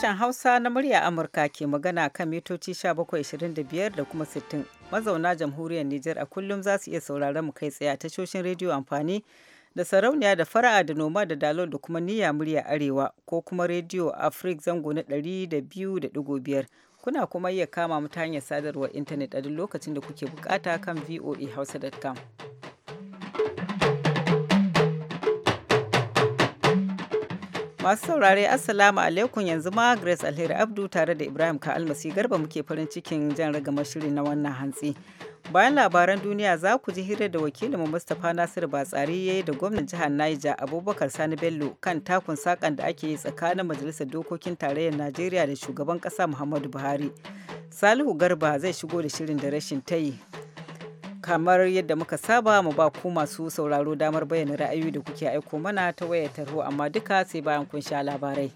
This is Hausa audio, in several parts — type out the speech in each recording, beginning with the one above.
Sashen Hausa na murya Amurka ke magana kan mitoci 1725 da kuma 60. Mazauna jamhuriyar Nijar a kullum za su iya sauraron mu kai tsaye a tashoshin rediyo amfani da sarauniya da fara'a da noma da dalo da kuma niyya murya arewa ko kuma rediyo Afrik zango na 200.5. Kuna kuma iya kama mu hanyar sadarwar intanet a duk lokacin da kuke bukata kan voahausa.com. Masu saurare Assalamu alaikum yanzu ma Grace Alheri Abdu tare da Ibrahim almasi Garba muke farin cikin jan ragamar shiri na wannan hantsi. Bayan labaran duniya za ku ji hira da wakilinmu Mustapha Nasiru Batsari ya yi da gwamnan jihar Niger Abubakar Sani Bello kan takun sakan da ake yi tsakanin Majalisar Dokokin Tarayyar Najeriya da Shugaban Ƙasa Muhammadu Buhari. Salihu Garba zai shigo da shirin da rashin ta yi. kamar yadda muka saba mu ba ku masu sauraro damar bayyana ra'ayi da kuke aiko mana ta wayar tarho amma duka sai bayan kun sha labarai.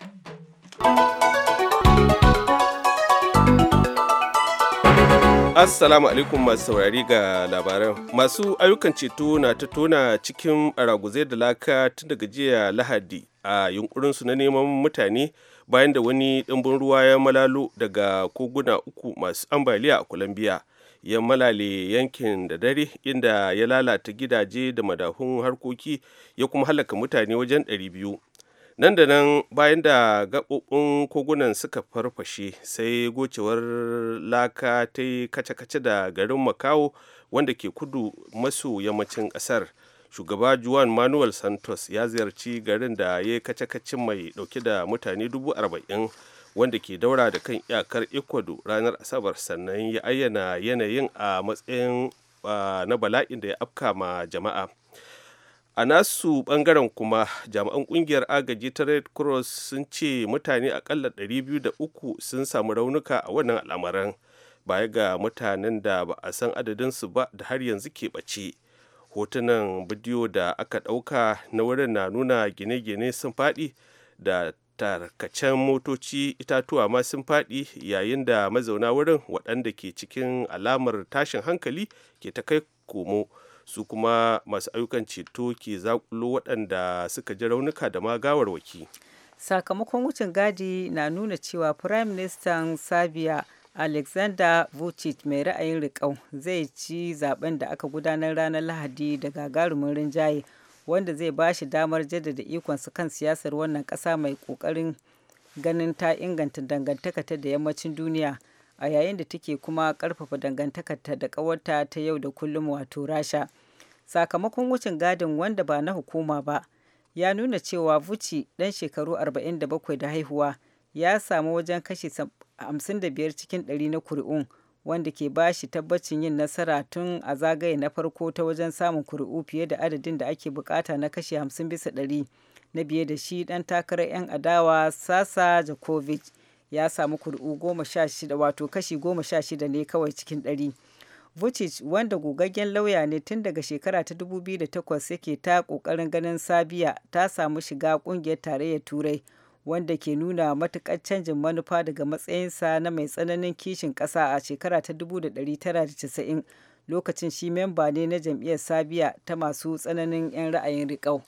Assalamu alaikum masu saurari ga labaran. Masu ayyukan ceto na ta tona cikin araguzai da laka tun daga jiya Lahadi a yunkurinsu na neman mutane bayan da wani ɗimbin ruwa ya malalo daga koguna uku masu ambaliya a Colombia. ya malale yankin da dare inda ya lalata gidaje da madahun harkoki ya kuma halaka mutane wajen 200 nan da nan bayan da gaɓoɓin kogunan suka farfashe sai gocewar laka ta yi kace-kace da garin makawo wanda ke kudu maso yammacin ƙasar shugaba juan manuel santos ya ziyarci garin da ya kace kacin mai ɗauke da mutane dubu wanda ke daura da kan iyakar ecuador ranar asabar sannan ya ayyana yanayin a matsayin na bala'in da ya afka ma jama'a a nasu bangaren kuma jami'an kungiyar agaji ta red cross sun ce mutane akalla 203 sun samu raunuka a wannan al'amarin baya ga mutanen da ba a san adadinsu ba da har yanzu ke ɓace hotunan bidiyo da aka ɗauka na wurin na nuna gine-gine sun faɗi da tarkacen motoci itatuwa ma sun faɗi yayin da mazauna wurin waɗanda ke cikin alamar tashin hankali ke ta kai komo su kuma masu ayyukan ceto ke zaƙulo waɗanda suka ji raunuka da ma gawarwaki sakamakon wucin gadi na nuna cewa prime minister serbia alexander vucic mai ra'ayin riƙau zai ci zaben da aka gudanar ranar lahadi da gagarumin rinjaye wanda zai ba shi damar jaddada ikonsa kan siyasar wannan ƙasa mai ƙoƙarin ganin ta inganta ta da yammacin duniya a yayin da take kuma ƙarfafa ta da ƙawarta ta yau da kullum wato rasha sakamakon wucin gadin wanda ba na hukuma ba ya nuna cewa vuci ɗan shekaru 47 da haihuwa ya samu wajen kashi 55 cikin 100 na kuri'un wanda ke ba shi tabbacin yin nasara tun a zagaye na farko ta wajen samun kuri'u fiye da adadin da ake bukata na kashi 50 bisa ɗari na biye da shi dan takarar 'yan adawa sasa jakovic ya samu kuri'u goma wato kashi goma sha shida ne kawai cikin ɗari Vucic wanda gogaggen lauya ne tun daga shekara ta 2008 yake ta kokarin ganin Sabiya ta samu shiga kungiyar tarayyar Turai wanda ke nuna matuƙar canjin manufa daga matsayinsa na mai tsananin kishin ƙasa a shekara ta 1990 lokacin shi memba ne na jam'iyyar sabiya ta masu tsananin 'yan ra'ayin riƙau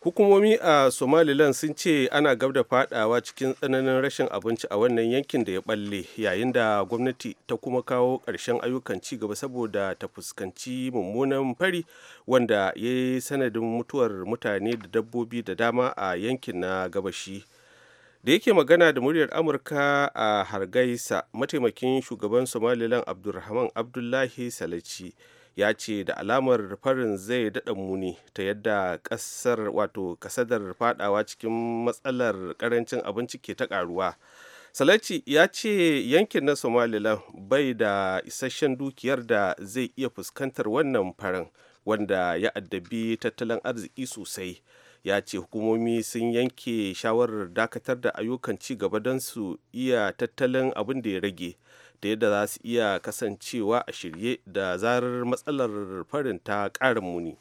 hukumomi a somaliland sun ce ana gab da fadawa cikin tsananin rashin abinci a wannan yankin da ya balle yayin da gwamnati ta kuma kawo ƙarshen ayyukan ci gaba saboda ta fuskanci mummunan fari wanda ya yi sanadin mutuwar mutane da dabbobi da dama a yankin na gabashi da yake magana da muryar amurka a hargaisa mataimakin shugaban somaliland abdulrahman abdullahi salaci ya ce da alamar farin zai daɗa muni ta yadda ƙasar wato kasadar fadawa cikin matsalar ƙarancin abinci ke ta ƙaruwa salaci ya ce yankin na somaliland bai da isasshen dukiyar da zai iya fuskantar wannan farin wanda ya addabi tattalin arziki sosai ya ce hukumomi sun yanke shawarar dakatar da ayyukan ci gaba don su iya tattalin abin da ya rage da yadda za su iya kasancewa a shirye da zarar matsalar farin ta ƙarin muni.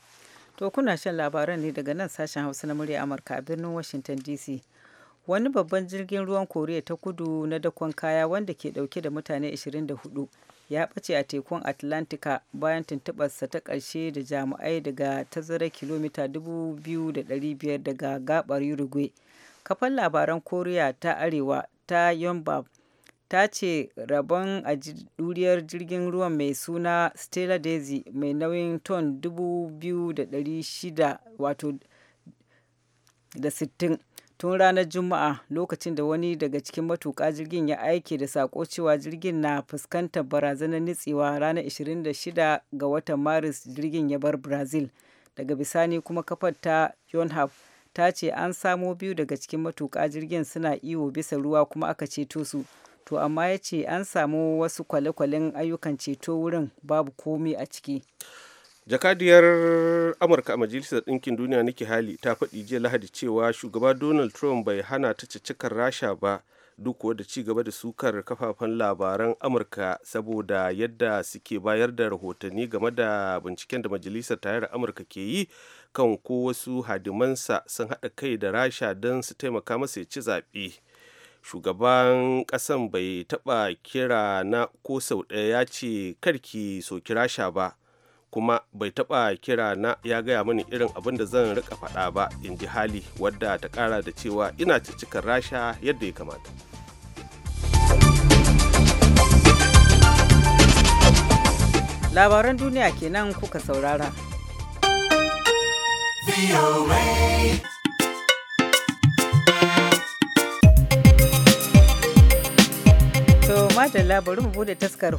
To kuna shan labaran ne daga nan sashen Hausa na murya Amurka a birnin Washington DC. Wani babban jirgin ruwan Koriya ta kudu na dakon kaya wanda ke dauke da mutane 24 ya ɓace a tekun Atlantika bayan tuntuɓarsa ta ƙarshe da jami'ai daga tazarar kilomita 2,500 daga gabar Uruguay. Kafan labaran Koriya ta Arewa ta Yonbab ta ce rabon a duriyar jirgin ruwan mai suna stella daisy mai nauyin ton 2,600 wato da 60 tun ranar juma'a lokacin da wani daga cikin matuƙa jirgin ya aike da sako cewa jirgin na fuskantar barazanar nitsewa ranar 26 ga watan maris jirgin ya bar brazil daga bisani kuma kafar ta yonhap ta ce an samo biyu daga cikin matuƙa jirgin suna iyo bisa ruwa kuma aka ceto su to amma ya ce an samu wasu kwale-kwalen ayyukan ceto wurin babu komi a ciki jakadiyar amurka a majalisar ɗinkin duniya niki hali ta faɗi jiya lahadi cewa shugaba donald trump bai hana ta cikar rasha ba duk da ci gaba da sukar kafafen labaran amurka saboda yadda suke bayar da rahotanni game da binciken da majalisar tarayyar amurka ke yi kan ko wasu hadimansa sun haɗa kai da rasha don su taimaka masa ya ci zaɓe shugaban kasan bai taɓa kira na ko sau ɗaya ya ce karki kira rasha ba kuma bai taɓa kira na ya gaya mini irin abin da zan rika faɗa ba in ji hali wadda ta ƙara da cewa ina cikin rasha yadda ya kamata labaran duniya kenan kuka saurara. madalla labarin mu bude taskar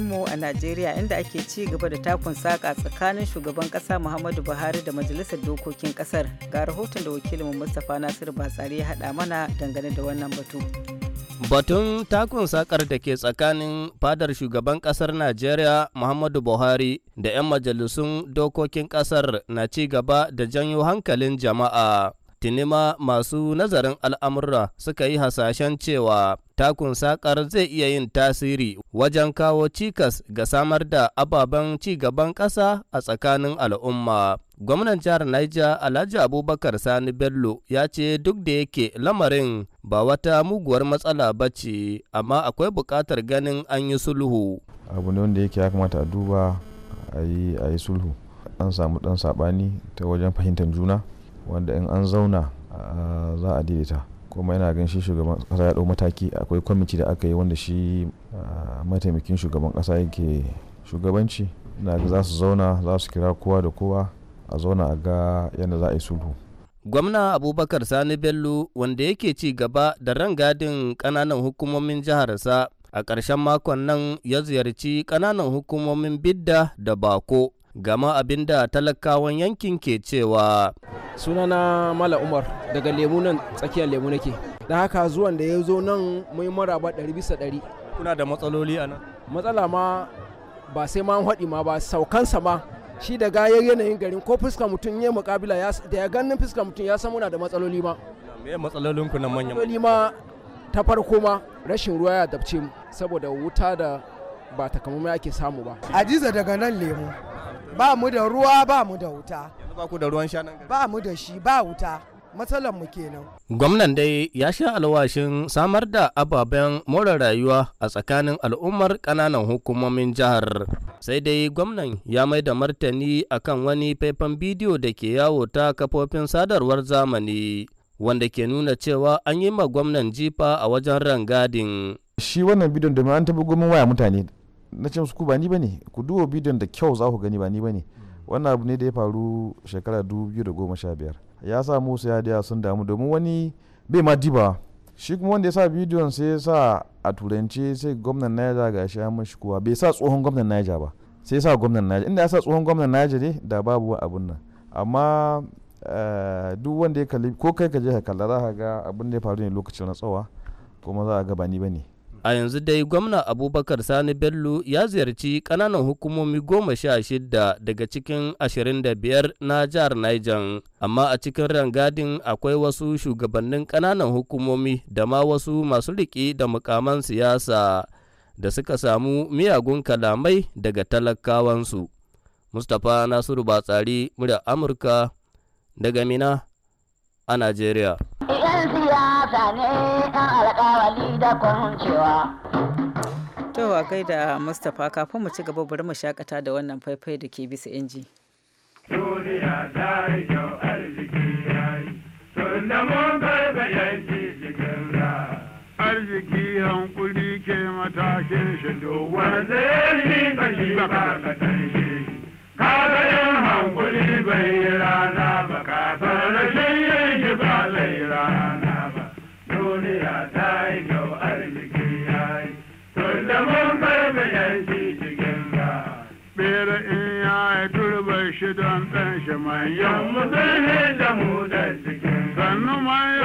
mu a najeriya inda ake ci gaba da takun saka tsakanin shugaban kasa muhammadu buhari da majalisar dokokin kasar ga rahoton da wakilinmu mustapha nasiru batsari ya hada mana dangane da wannan batu batun takun sakar da ke tsakanin fadar shugaban kasar najeriya muhammadu buhari da 'yan majalisun dokokin kasar na ci gaba da janyo hankalin jama'a tuni ma masu nazarin al'amurra suka yi hasashen cewa takun sakar zai iya yin tasiri wajen kawo cikas ga samar da ababen ci gaban ƙasa a tsakanin al'umma. Gwamnan jihar Niger Alhaji Abubakar Sani Bello ya ce duk da yake lamarin ba wata muguwar matsala ba ce, amma akwai bukatar ganin an yi sulhu. Abu ne wanda yake ya kamata a duba a yi sulhu. An samu ɗan saɓani ta wajen fahimtar juna. wanda in an zauna za a daidaita kuma yana gan shi shugaban kasa ya ɗau mataki akwai kwamiti da aka yi wanda shi mataimakin shugaban kasa yake shugabanci na za su zauna za su kira kowa da kowa a zauna a ga yadda za a yi sulhu gwamna abubakar sani bello wanda yake ci gaba da rangadin kananan hukumomin jiharsa a karshen makon nan ya ziyarci kananan hukumomin bidda da bako gama abinda talakawan yankin ke cewa sunana mala umar daga lemu nan tsakiyar lemu nake da haka zuwan da ya zo nan mai maraba ɗari bisa ɗari kuna da matsaloli a nan matsala ma ba sai ma haɗi ma ba saukansa ma shi da gayar yanayin garin ko fuska mutum ya mukabila da ya ganin fuska mutum ya san muna da matsaloli ma me matsalolin ku nan manyan matsaloli ma ta farko ma rashin ruwa ya dabce mu saboda wuta da ba takamaimai ake samu ba ajiza daga nan lemu ba mu da ruwa ba mu da wuta ba ku da ruwan sha nan ba mu da shi ba wuta matsalar mu kenan gwamnan dai ya sha alwashin samar da ababen more rayuwa a tsakanin al'ummar kananan hukumomin jihar sai dai gwamnan ya mai da martani akan wani faifan bidiyo da ke yawo ta kafofin sadarwar zamani wanda ke nuna cewa an yi ma gwamnan jifa a wajen rangadin shi wannan bidiyon da an taɓa gomin waya mutane na ce musu ku ba ni bane ku duba bidiyon da kyau za ku gani ba ni bane mm. wannan abu ne da ya faru shekara 2015 ya sa musu daya sun damu domin wani bai ma diba shi kuma wanda ya sa bidiyon sai ya sa a turance sai gwamnan naija ga shi ya mashi kuwa bai sa tsohon gwamnan naija ba sai ya sa gwamnan naija inda ya sa tsohon gwamnan naija ne da babu abun nan amma eh, duk wanda ya kalli ko kai ka je ka kalla za ka ga abin da ya faru ne lokacin na tsawa kuma za a ga ba ni ba ne A yanzu dai gwamna Abubakar Sani Bello ya ziyarci ƙananan hukumomi goma sha shida daga cikin ashirin da biyar na jihar Niger, amma a cikin rangadin akwai wasu shugabannin ƙananan hukumomi da ma wasu masu riƙe da mukaman siyasa da suka samu miyagun kalamai daga talakawansu. Mustapha Nasiru Batsari, murya Amurka, daga Mina a Najeriya. Yan siyasa ne yan alkawali da kwancewa. To a gaida Mustapha kafin mu ci gaba bari mu shakata da wannan faifai da ke bisa inji. Duniya ta yi kyau arziki ya yi da mun karɓe yanki cikin ra. Arziki hankuli ke matakin shi dowar zai yi kashi ba ka shi. Kaga hankuli bai rana ba ka san rashin shi mai yamma zai da mu da cikin sannu mai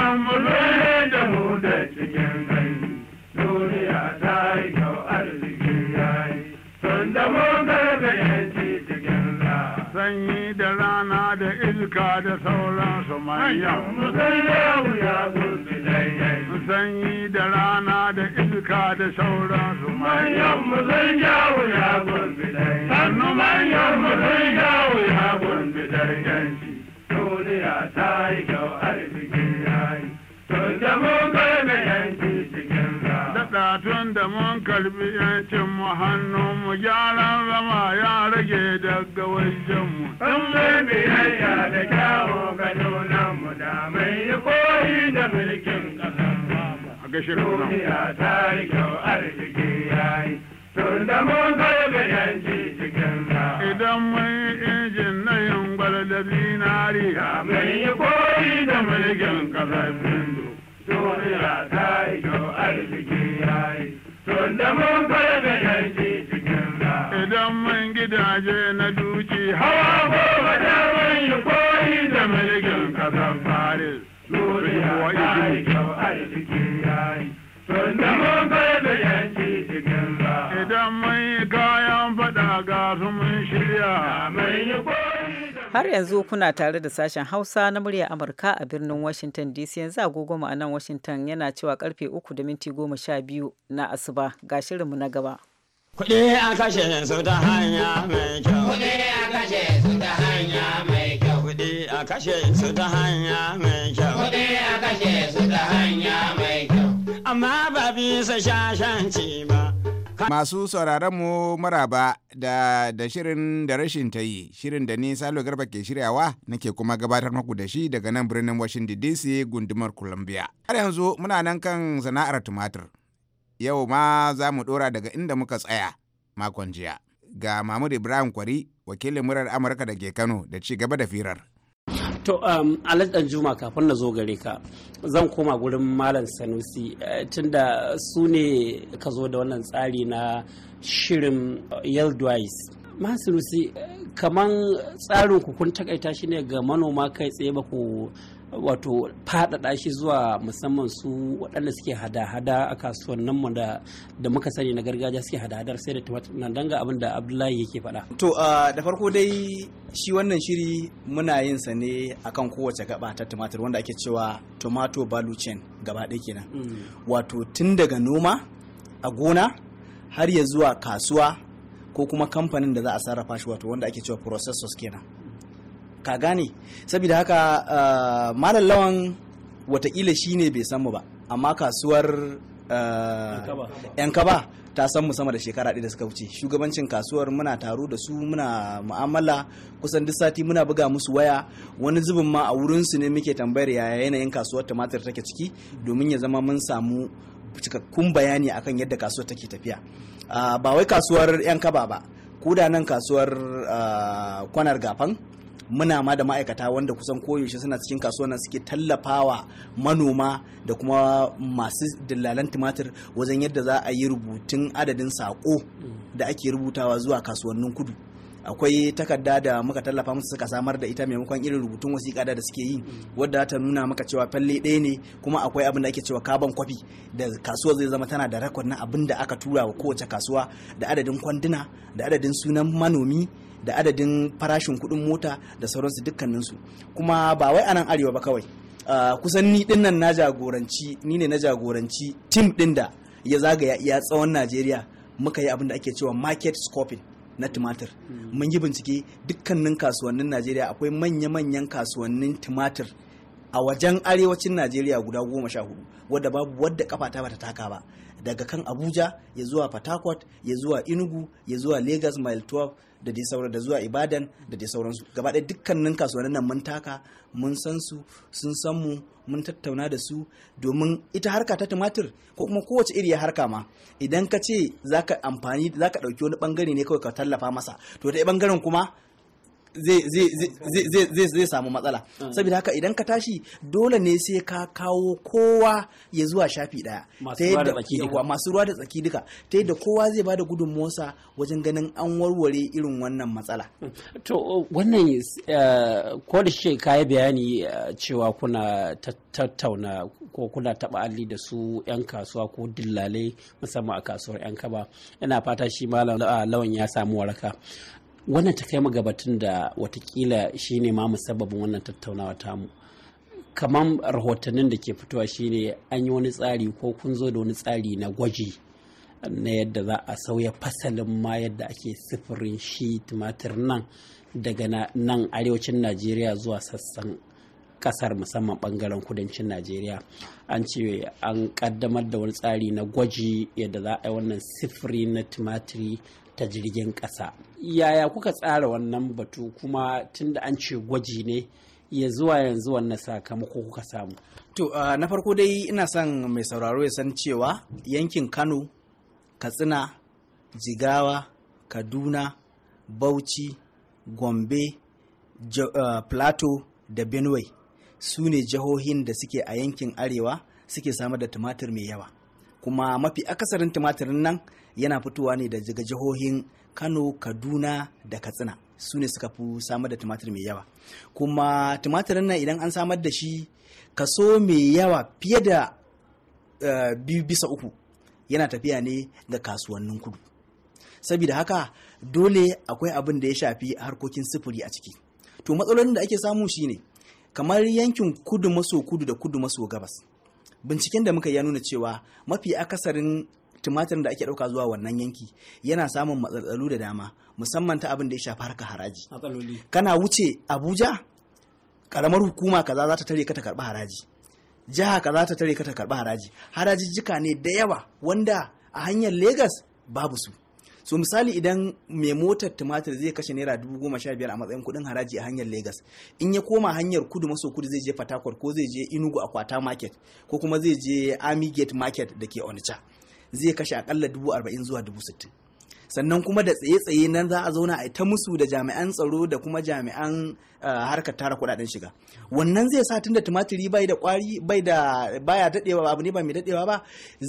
da rana da iska da sauransu mai yamma zai da wuya gurbi sanyi da rana da iska da sauransu manyan mu sun jawo ya gurbidai sannu manyan mu sun jawo ya gurbidai yanci duniya ta yi kyau arziki ya yi tun da mun karbi yanci cikin daɗa tun da mun karɓi yancin mu hannu mu gyaran zama ya rage daga wajen mu in mai biyayya ga Idan mun yi injin na yin da zinari, mun yi koyi da mulkin kasar Duniya ta yi kyau arziki tun da mun yanci cikin Idan mun gidaje na duki hawa ko wajen Har yanzu kuna tare da sashen Hausa na murya Amurka a birnin Washington DC yanzu agogo a nan Washington yana cewa karfe 3 da minti na asuba ga shirinmu na gaba. Kuɗi a kashe su ta hanya mai kyau. Kuɗi a kashe su ta hanya mai kyau. Kuɗi a kashe su ta hanya mai kyau. Kuɗi a kashe su ta hanya mai kyau. Amma ba bisa shashanci ba. Masu sauraron mu maraba da da shirin da rashin ta yi, shirin da ni Salo Garba ke shiryawa nake kuma gabatar maku da shi daga nan birnin Washington DC gundumar Columbia. Har yanzu muna nan kan sana'ar tumatir. Yau ma za mu dora daga inda muka tsaya makon jiya. Ga Mahmud Ibrahim Kwari, wakilin murar Amurka da ke Kano da ci gaba da firar. to um, alhaji juma kafin na zo gare ka zan koma gurin malam sanusi eh, tunda su ne ka zo da wannan tsari na shirin uh, yaldwise masu sanusi eh, kaman tsarin ku kun takaita shi ne ga manoma kai tsaye ba ku wato faɗaɗa shi zuwa musamman su waɗanda suke hada-hada a nan mu da muka sani na gargajiya suke hada-hadar sai da tumatir nan danga abin da Abdullahi yake faɗa. To da farko dai shi wannan shiri muna yin sa ne akan kowace gaba ta tumatir wanda ake cewa tomato value chain gaba ɗaya kenan. Mm. Wato tun daga noma a gona har ya zuwa kasuwa ko kuma kamfanin da za a sarrafa shi wato wanda ake cewa processors kenan. ka gane saboda haka eh, malam lawan watakila shi ne bai san mu ba amma kasuwar eh, yankaba ta san mu sama da shekara ɗaya da suka wuce shugabancin kasuwar muna taro da su muna mu'amala kusan duk sati muna buga musu waya wani zubin ma a wurinsu ne muke tambayar yaya yanayin kasuwar tumatir take ciki domin ya zama mun samu cikakkun bayani akan yadda kasuwar take tafiya eh, ba wai kasuwar yan kaba ba ko da nan kasuwar kwanar gafan muna ma da ma'aikata wanda kusan koyaushe suna cikin kasuwa na suke tallafawa manoma da kuma masu dillalan tumatir wajen yadda za a yi rubutun adadin sako da ake rubutawa zuwa kasuwannin kudu akwai takarda da muka tallafa musu suka samar da ita maimakon irin rubutun wasiƙa da suke yi wadda ta nuna maka cewa falle ɗaya ne kuma akwai abin da ake cewa carbon kwafi da kasuwa zai zama tana da rakon na abin da aka tura wa kowace kasuwa da adadin kwanduna da adadin sunan manomi da adadin farashin kuɗin mota da sauransu dukkaninsu kuma ba wai anan arewa ba kawai ah, kusan ni din nan na jagoranci ni ne na jagoranci tim din da ya zagaya iya tsawon najeriya muka yi abin da ake cewa market scoping na tumatir hmm. mun yi bincike dukkanin kasuwannin najeriya akwai manya-manyan kasuwannin tumatir a wajen arewacin najeriya guda goma sha hudu wadda babu wadda kafa ta bata taka ba daga kan abuja ya zuwa port ya zuwa inugu ya zuwa lagos mile 12 da dai sauran da zuwa ibadan da dai sauransu gaba ɗaya dukkanin kasuwannin nan mun taka mun san su sun san mu mun tattauna da su domin ita harka ta tumatir ko kuma kowace iri ya harka ma idan ka ce zaka amfani ka ɗauki wani ɓangare ne kawai ka tallafa masa to ta ɓangaren kuma zai samu matsala hmm. saboda haka idan ka tashi dole ne sai ka kawo kowa ya zuwa shafi daya masu ruwa da tsaki duka ta yadda kowa zai ba bada gudunmuwarsa wajen ganin an warware irin wannan matsala hmm. to wannan eh, ko da shi kayi bayani eh, cewa kuna tattauna ko kuna taba alli da su 'yan kasuwa ko dillalai musamman a kasuwar 'yan kaba yana fata shi malam eh, lawan ya samu waraka wannan ta kai mu da watakila shine ma musabbabin wannan tattaunawa ta mu kamar rahotannin da ke fitowa shine an yi wani tsari ko kun zo da wani tsari na gwaji na yadda za a sauya fasalin ma yadda ake sifirin shi tumatir nan daga nan arewacin najeriya zuwa sassan kasar musamman bangaren kudancin najeriya an ce an kaddamar da wani tsari na gwaji yadda za a yi wannan sifiri na tumatiri ta jirgin ƙasa yaya kuka tsara wannan batu kuma tunda an ce gwaji ne ya zuwa yanzu wannan sakamako kuka samu to uh, na farko dai ina son mai sauraro ya san cewa yankin kano katsina jigawa kaduna bauchi gombe uh, plateau da benue su ne jihohin da suke a yankin arewa suke samar da tumatir mai yawa kuma mafi akasarin tumatirin nan yana fitowa ne daga jihohin kano kaduna da katsina su ne suka fi samar da tumatir mai yawa kuma tumatirin nan idan an samar da shi kaso mai yawa fiye da eh, biyu bisa uku yana tafiya ne ga kasuwannin kudu saboda haka dole akwai abin da ya shafi harkokin sufuri a ciki to matsalolin da ake samu shine kamar yankin kudu maso kudu da kudu maso gabas binciken da muka ya nuna cewa mafi akasarin tumatirin da ake ɗauka zuwa wannan yanki yana samun matsaltsalu da dama musamman ta abin da ya shafi harkar haraji kana wuce abuja karamar hukuma kaza za ta tare ka ta karɓi haraji jiha kaza ta tare ka ta karɓi haraji haraji jika ne da yawa wanda a hanyar Legas babu su so misali idan mai motar tumatir zai kashe naira dubu goma sha biyar a matsayin kudin haraji a hanyar Legas in ya koma hanyar kudu maso kudu zai je Fatakwal ko zai je Inugu Akwata market ko kuma zai je Army Gate market da ke Onitsha zai kashe akalla dubu arba'in zuwa dubu sittin sannan kuma da tsaye-tsaye na za a zauna a ta musu da jami'an tsaro da kuma jami'an eh, harkar tara kudaden shiga wannan zai sa tunda tumatiri bai da kwari bai da baya dadewa abu ne ba mai dadewa ba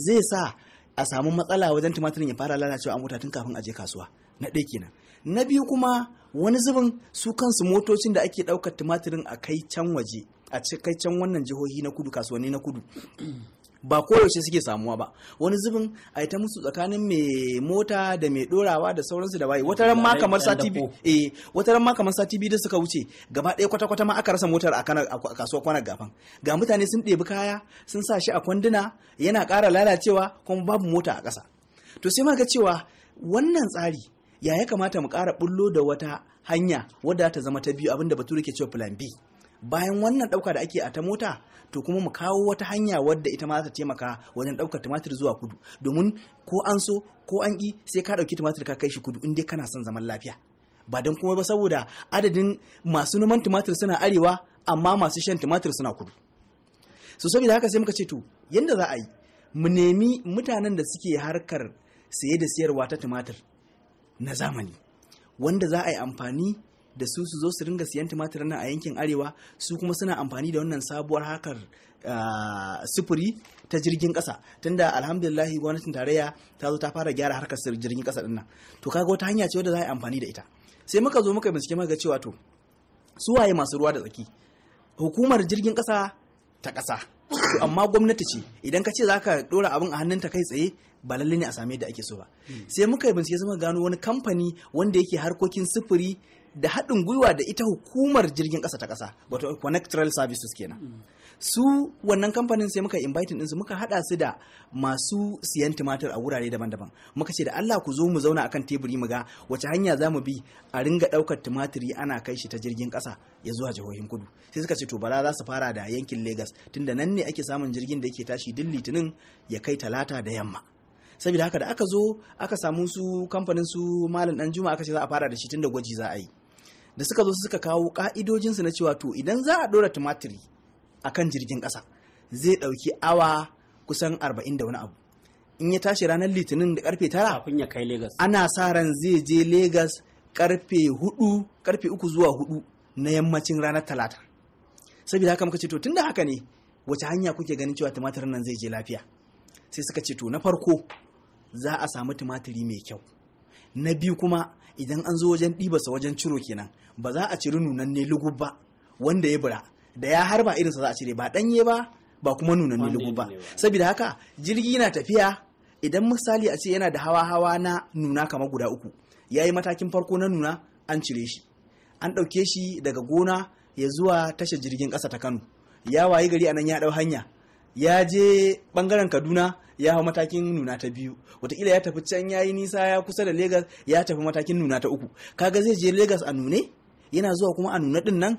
zai sa a samu matsala wajen tumatirin ya fara lalacewa a mota tun kafin a je kasuwa na ɗaya kenan na biyu kuma wani zubin su kansu motocin da ake ɗaukar tumatirin a kai can waje a kai can wannan jihohi na kudu kasuwanni na kudu ba koyaushe suke samuwa ba wani zubin a ita musu tsakanin mai mota da mai dorawa da sauransu da waye wata ran ma kamar sati biyu eh wata ran ma kamar sati biyu da suka wuce gaba ɗaya kwata kwata ma aka rasa motar a kasuwar kwanar gafan ga mutane sun ɗebi kaya sun sa shi a kwanduna yana ƙara lalacewa kuma babu mota a ƙasa to sai ga cewa wannan tsari ya ya kamata mu ƙara bullo da wata hanya wadda ta zama ta biyu abinda bature ke cewa plan B bayan wannan ɗauka da ake a ta mota to kuma mu kawo wata hanya wadda ita ma za ta taimaka wajen ɗaukar tumatir zuwa kudu domin ko an so ko an ki sai ka ɗauki tumatir ka kai shi kudu in dai kana son zaman lafiya ba don kuma ba saboda adadin masu noman tumatir suna arewa amma masu shan tumatir suna kudu so saboda haka sai muka ce to yadda za a yi mu nemi mutanen da suke harkar saye da siyarwa ta tumatir na zamani wanda za a yi amfani da su su zo su ringa siyan tumatir nan a yankin arewa su kuma suna amfani da wannan sabuwar harkar ah, sufuri ta jirgin kasa tunda alhamdulillahi gwamnatin tarayya ta zo ta fara gyara harkar jirgin kasa din nan to kaga wata hanya ce wadda za a yi amfani da ita sai muka zo muka bincike muka ga cewa to su waye masu ruwa da tsaki hukumar jirgin kasa ta kasa to amma gwamnati ce idan ka ce za ka dora abin a hannunta kai tsaye ba lalle ne a same da ake so ba hmm. sai muka bincike muka gano wani kamfani wanda yake harkokin sufuri da haɗin gwiwa da ita hukumar jirgin ƙasa ta ƙasa wato connect rail services kenan mm. su wannan kamfanin sai muka inviting ɗinsu muka haɗa su da masu siyan tumatir a wurare daban-daban muka ce da Allah ku zo mu zauna akan teburi mu ga wace hanya za mu bi a ringa ɗaukar tumatiri ana kai shi ta jirgin ƙasa ya zuwa jihohin kudu sai suka ce to bala za su fara da yankin Lagos tunda nan ne ake samun jirgin da yake tashi duk litinin ya kai talata da yamma saboda haka da aka zo aka samu su kamfanin su malam dan juma aka ce za a fara da shi tunda gwaji za a yi da suka zo suka kawo ka'idojinsu na cewa to idan za a ɗora tumatiri a kan jirgin ƙasa zai ɗauki awa kusan arba'in da wani abu in ya tashi ranar litinin da karfe tara kafin ya kai Legas. ana sa ran zai je Legas karfe hudu karfe uku zuwa hudu na yammacin ranar talata saboda haka muka ce to tunda haka ne wace hanya kuke ganin cewa tumatirin nan zai je lafiya sai suka ce to na farko za a samu tumatiri mai kyau na biyu kuma idan an zo wajen ɗibarsa wajen ciro kenan ba za a ciri nunanne lugub ba wanda ya bura da ya harba irin sa za a cire ba danye ba ba kuma nunanne lugub ba saboda haka jirgi yana tafiya idan misali a ce yana da hawa hawa na nuna kamar guda uku ya yi matakin farko na nuna an cire shi an ɗauke shi daga gona ya zuwa tashar jirgin ƙasa ta kano ya wayi gari anan ya ɗau hanya ya je ɓangaren kaduna ya hau matakin nuna ta biyu wataƙila ya tafi can ya yi nisa ya kusa da Legas ya tafi matakin nuna ta uku kaga zai je Legas a nune yana zuwa kuma a nuna din nan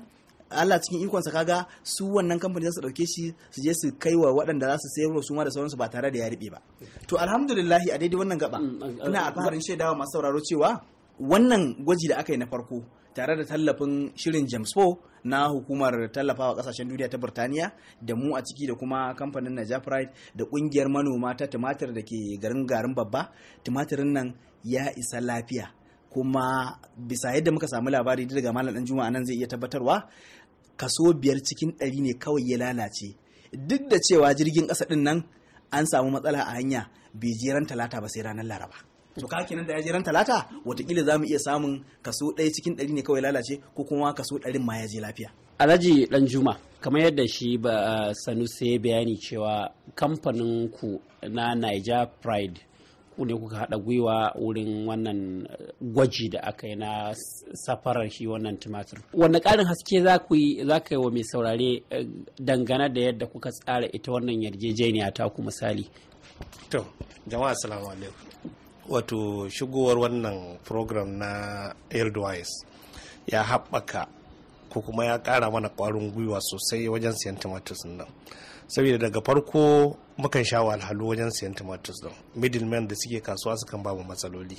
Allah cikin ikonsa kaga su wannan kamfani za su dauke shi su je su kai wa waɗanda za su sayar su ma da sauransu ba tare da ya riɓe ba to alhamdulillahi a daidai wannan gaba mm, ina alfaharin shaidawa masu sauraro cewa wannan gwaji da aka yi na farko tare da tallafin shirin James Po na hukumar tallafawa kasashen duniya ta Birtaniya da mu a ciki da kuma kamfanin Najaf Pride da kungiyar manoma ta tumatir da ke garin garin babba tumatirin nan ya isa lafiya kuma bisa yadda muka samu labari daga malam dan juma'a nan zai iya tabbatarwa kaso biyar cikin ɗari ne kawai ya lalace duk da cewa jirgin ƙasa ɗin nan an samu matsala a hanya bai je ran talata ba sai ranar laraba to ka kenan da ya je ran talata watakila za mu iya samun kaso ɗaya cikin ɗari ne kawai lalace ko kuma kaso ɗarin ma ya je lafiya alhaji dan juma kamar yadda shi ba sanusi sai bayani cewa kamfanin ku na Niger pride ku ne kuka haɗa gwiwa wurin wannan eh, gwaji da aka yi na safarar shi wannan tumatir wanda ƙarin haske za ku yi za ka yi wa mai saurare eh, dangane da yadda kuka tsara ita wannan yarjejeniya ta ku misali to jama'a assalamu alaikum wato shigowar wannan program na eldwise ya haɓaka ko kuma ya ƙara mana ƙwarin gwiwa sosai wajen siyan tumatir nan saboda daga farko mukan sha wahalhalu wajen siyan tomatoes din man da suke kasuwa sukan kan mu matsaloli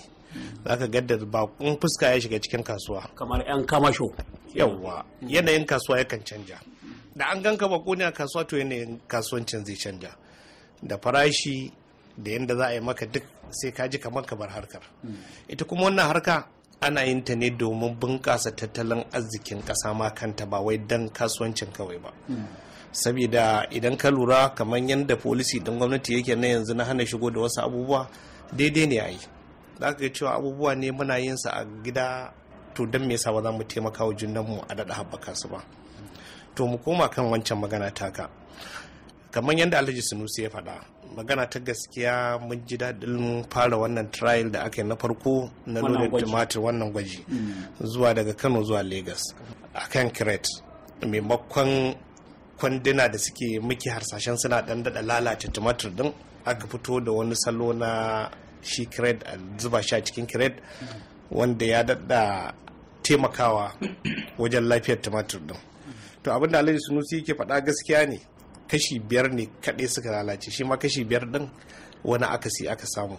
ka ga da bakun fuska ya shiga cikin kasuwa kamar yan kamasho yawwa yanayin kasuwa yakan canja da an ganka bako ne a kasuwa to yanayin kasuwancin zai canja da farashi da yadda za a yi maka duk sai ka ji kamar ka bar harkar ita kuma wannan harka ana yin ta ne domin bunƙasa tattalin arzikin ƙasa ma kanta ba wai don kasuwancin kawai ba saboda idan ka lura kamar yadda polisi don gwamnati yake na yanzu na hana shigo da wasu abubuwa daidai ne a yi za ka cewa abubuwa ne muna yin sa a gida to don me yasa ba za mu taimaka wa mu a daɗa haɓaka su ba to mu koma kan wancan magana taka kamar yadda alhaji sunusi ya faɗa magana ta gaskiya mun ji daɗin fara wannan trial da aka yi na farko na lura tumatir wannan gwaji mm. zuwa daga kano zuwa lagos a kan kiret maimakon kwandina da suke muke harsashen suna dan dada lalata tumatir din aka fito da wani salo na shi kiret a zuba sha cikin kiret wanda ya dada taimakawa wajen lafiyar tumatir din to abin da alhaji sunusi yake faɗa gaskiya ne kashi biyar ne kaɗai suka lalace shi ma kashi biyar din wani akasi aka samu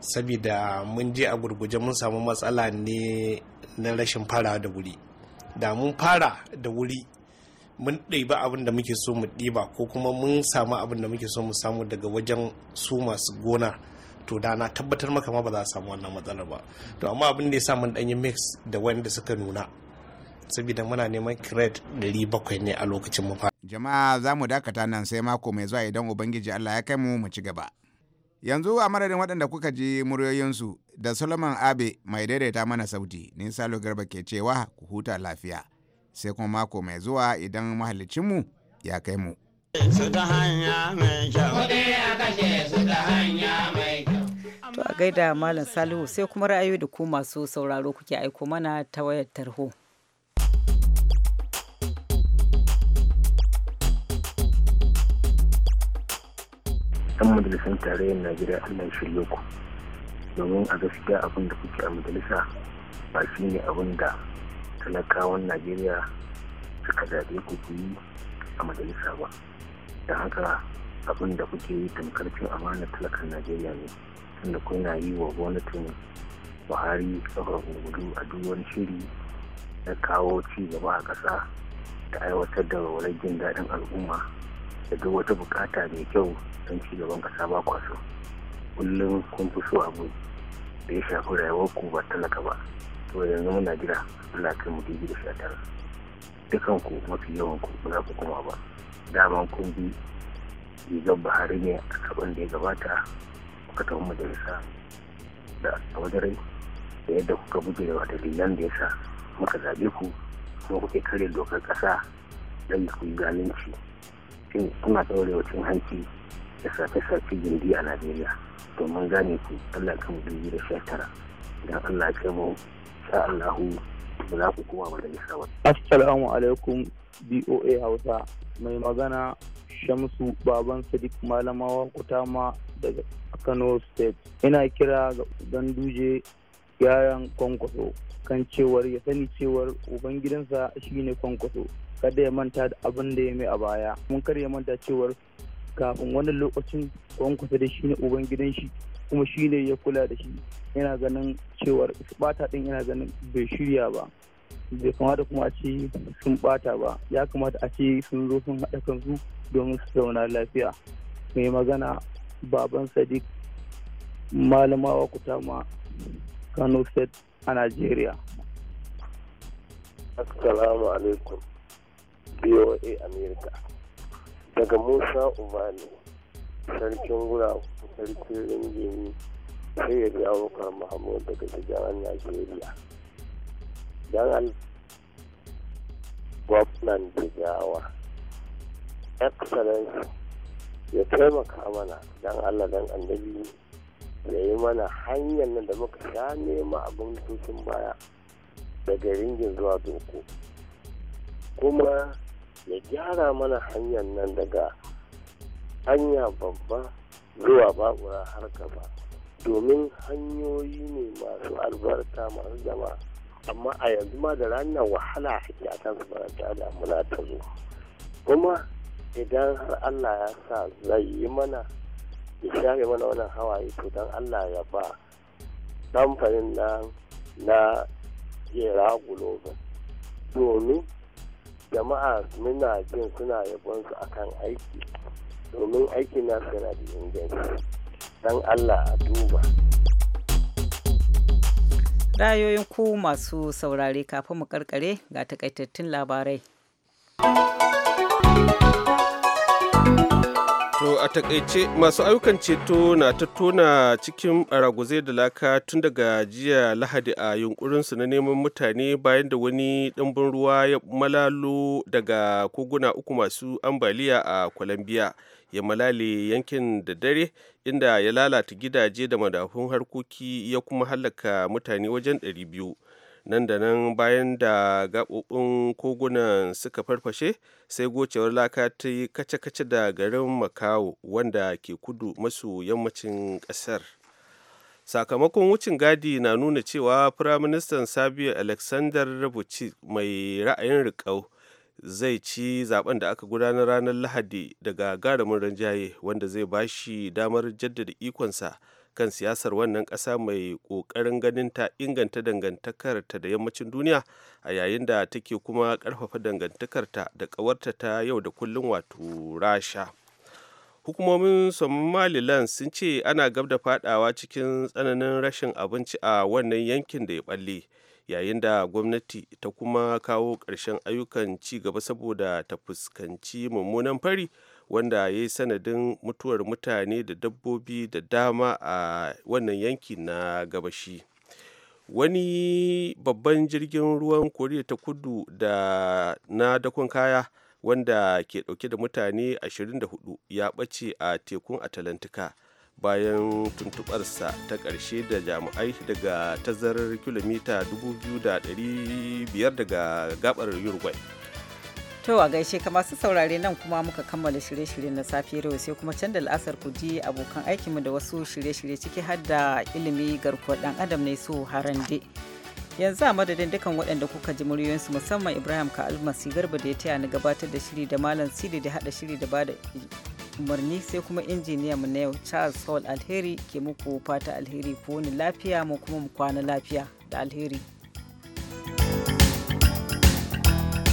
saboda mun je a gurguje mun samu matsala ne na rashin fara da wuri da mun fara da wuri mun ɗiba abin da muke so mu ɗiba ko kuma mun samu abin da muke so mu samu daga wajen su masu gona to da na tabbatar maka ma ba za a samu wannan matsalar ba to amma abin da ya sa mun ɗanyi mix da wanda suka nuna saboda muna neman kiret 700 ne a lokacin mu jama'a za mu dakata nan sai mako mai zuwa idan ubangiji allah ya kai mu mu ci gaba yanzu a madadin waɗanda kuka ji muryoyinsu da solomon abe mai daidaita mana sauti ni salo garba ke cewa ku huta lafiya sai kuma mako mai zuwa idan mahalicinmu ya kai mu. To a gaida Malam Salihu sai kuma ra'ayoyi da ku masu sauraro kuke aiko mana ta wayar tarho. Ɗan majalisar tarayyar Najeriya Allah ya shirye ku. Domin a gaskiya abin da kuke a majalisa ba shi ne abin da talakawan najeriya suka zaɓe ku ku yi a majalisa ba da haka abin da kuke yi tamkarcin amana talakan najeriya ne tunda kuna yi wa gwamnatin buhari a gudu a duk wani shiri na kawo ci gaba a ƙasa da aiwatar da walwalar jin daɗin al'umma da duk wata bukata mai kyau don ci gaban ƙasa ba kwaso kullum kun fi so abu da ya shafi rayuwarku ba talaka ba to yanzu muna jira Allah kai mu dubi da shatar dukan ku mafi yawan ku ba za ku koma ba daman kun bi rigar bahari ne a abin da ya gabata kuka tafi mu da yasa da da yadda kuka buje da wata dalilan da ya sa muka zaɓe ku kuma kuke kare dokar ƙasa don ku yi zalunci shin kuna ɗaurewa cin hanci da safe-safe gindi a najeriya domin gane ku allah kan dubu da sha tara don allah kai mu Allah ba za ku koma ba ba. Assalamu alaikum BOA Hausa mai magana Shamsu Baban Sadiq Malamawa Kutama daga Kano State. Ina kira ga Duje yayan kwankwaso kan cewar ya sani cewar ubangidansa shine kwankwaso kada ya manta da abin da ya mai a baya mun kar ya manta cewar kafin wani lokacin kwankwaso da shine ubangidan shi kuma shi ne ya kula da shi yana ganin cewar bata din yana ganin bai shirya ba bai kamata kuma a ce sun bata ba ya kamata a ce sun zo sun haɗa kansu domin su zauna lafiya mai magana baban sadiq malamawa kutama kano state a nigeria assalamu alaikum boa america daga musa umarni sarkin gura sarkin ringini sai ya biya abubakar mahamud daga shigaran najeriya don al gwamnan jigawa excellence ya taimaka mana don allah don annabi ya yi mana hanyar nan da muka sha nema abin gwamnatocin baya daga ringin zuwa doko kuma ya gyara mana hanyar nan daga hanya babba zuwa babura har gaba domin hanyoyi ne masu albarka masu jama'a amma a yanzu ma da ranar wahala ake a kan da damuna ta zo kuma idan har allah ya sa zai yi mana ya share mana wannan hawaye to don allah ya ba kamfanin na na jera gulobin domin jama'a muna jin suna yabonsu akan aiki domin aikin nasu yana da inganci don allah a duba rayoyin ku masu saurare kafin mu karkare ga takaitattun labarai To a takaice masu ayyukan ceto na tona cikin baraguzai da laka tun daga jiya lahadi a yunkurinsu na neman mutane bayan da wani ɗimbin ruwa ya malalo daga koguna uku masu ambaliya a Colombia. ya malale yankin da dare inda ya lalata gidaje da madafun harkoki ya kuma halaka mutane wajen 200 nan da nan bayan da gaɓoɓin kogunan suka farfashe sai gocewar laka ta yi kace-kace da garin makawo wanda ke kudu masu yammacin ƙasar sakamakon wucin gadi na nuna cewa firaministan sabiya alexander rabuci mai ra'ayin riƙau zai ci zaben da aka gudanar ranar lahadi daga garamin ranjaye wanda zai ba shi damar jaddada ikonsa kan siyasar wannan ƙasa mai ƙoƙarin ganin ta inganta dangantakarta da yammacin duniya a yayin da take kuma ƙarfafa dangantakarta da ƙawarta ta yau da kullum wato rasha hukumomin somaliland sun ce ana gab da fadawa cikin tsananin rashin abinci a wannan yankin da ya balle yayin da gwamnati ta kuma kawo ƙarshen ayyukan ci gaba saboda ta fuskanci mummunan fari wanda ya yi sanadin mutuwar mutane da dabbobi da dama a wannan yanki na gabashi wani babban jirgin ruwan koriya ta kudu da na dakon kaya wanda ke dauke da mutane 24 ya ɓace a tekun atalantika bayan tuntubarsa ta ƙarshe da jami'ai daga tazarar kilomita 2,500 daga gabar uruguay To a gaishe ka masu saurare nan kuma muka kammala shirye shirye na safiyar yau sai kuma can da la'asar ku ji abokan aikinmu da wasu shirye-shirye ciki har da ilimi garkuwar dan adam ne su harande. Yanzu a madadin dukan waɗanda kuka ji muryoyinsu musamman Ibrahim ka almasi garba da ya taya ni gabatar da shiri da Malam Sidi da haɗa shiri da bada umarni sai kuma injiniya mu na yau charles hall alheri ke muku fata alheri ko wani lafiya mu kuma mu kwana lafiya da alheri.